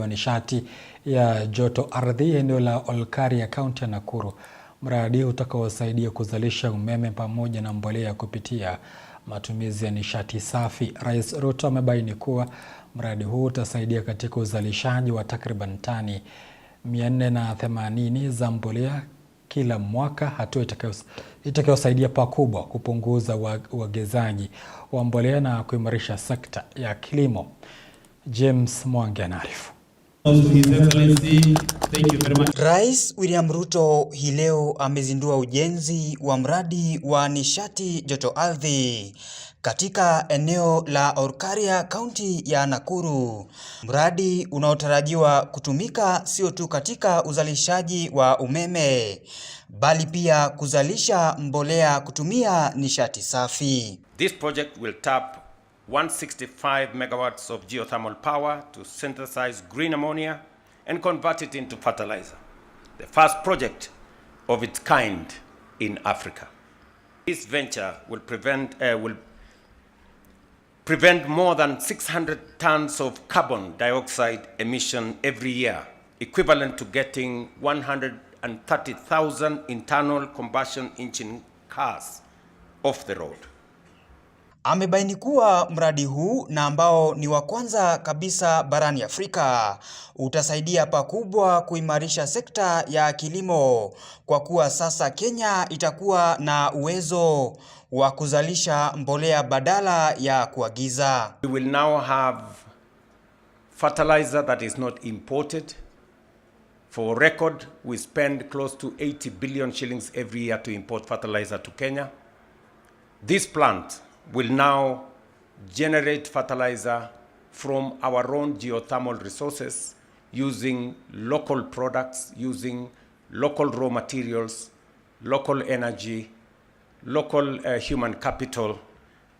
wa nishati ya joto ardhi eneo la Olkaria kaunti ya Nakuru. Mradi utakaosaidia kuzalisha umeme pamoja na mbolea kupitia matumizi ya nishati safi. Rais Ruto amebaini kuwa mradi huu utasaidia katika uzalishaji wa takriban tani 480 za mbolea kila mwaka, hatua itakayosaidia pakubwa kupunguza uagizaji wa mbolea na kuimarisha sekta ya kilimo. James Mwangi anaarifu. Rais William Ruto hii leo amezindua ujenzi wa mradi wa nishati joto ardhi katika eneo la Olkaria, kaunti ya Nakuru, mradi unaotarajiwa kutumika sio tu katika uzalishaji wa umeme bali pia kuzalisha mbolea kutumia nishati safi. This project will tap 165 megawatts of geothermal power to synthesize green ammonia and convert it into fertilizer, the first project of its kind in Africa. This venture will prevent, uh, will prevent more than 600 tons of carbon dioxide emission every year, equivalent to getting 130,000 internal combustion engine cars off the road. Amebaini kuwa mradi huu na ambao ni wa kwanza kabisa barani Afrika utasaidia pakubwa kuimarisha sekta ya kilimo kwa kuwa sasa Kenya itakuwa na uwezo wa kuzalisha mbolea badala ya kuagiza. We will now have fertilizer that is not imported. For record, we spend close to 80 billion shillings every year to import fertilizer to Kenya. This plant will now generate fertilizer from our own geothermal resources using local products, using local raw materials, local energy, local uh, human capital,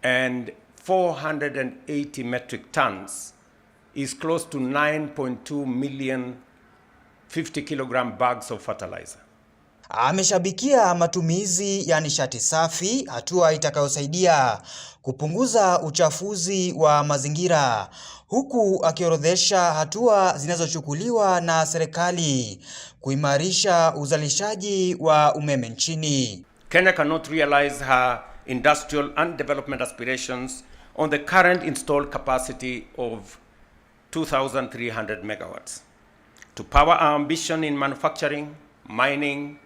and 480 metric tons is close to 9.2 million 50 kilogram bags of fertilizer. ameshabikia matumizi ya nishati safi, hatua itakayosaidia kupunguza uchafuzi wa mazingira, huku akiorodhesha hatua zinazochukuliwa na serikali kuimarisha uzalishaji wa umeme nchini. Kenya cannot realize her industrial and development aspirations on the current installed capacity of 2300 megawatts to power our ambition in manufacturing, mining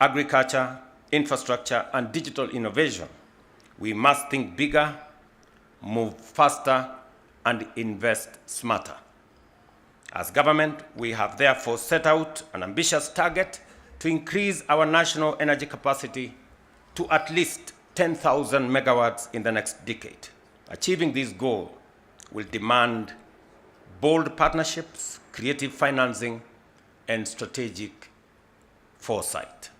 agriculture, infrastructure, and digital innovation, we must think bigger, move faster, and invest smarter. As government, we have therefore set out an ambitious target to increase our national energy capacity to at least 10,000 megawatts in the next decade. Achieving this goal will demand bold partnerships, creative financing, and strategic foresight.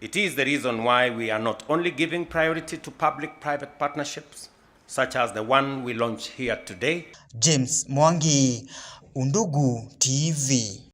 It is the reason why we are not only giving priority to public-private partnerships such as the one we launch here today. James Mwangi, Undugu TV.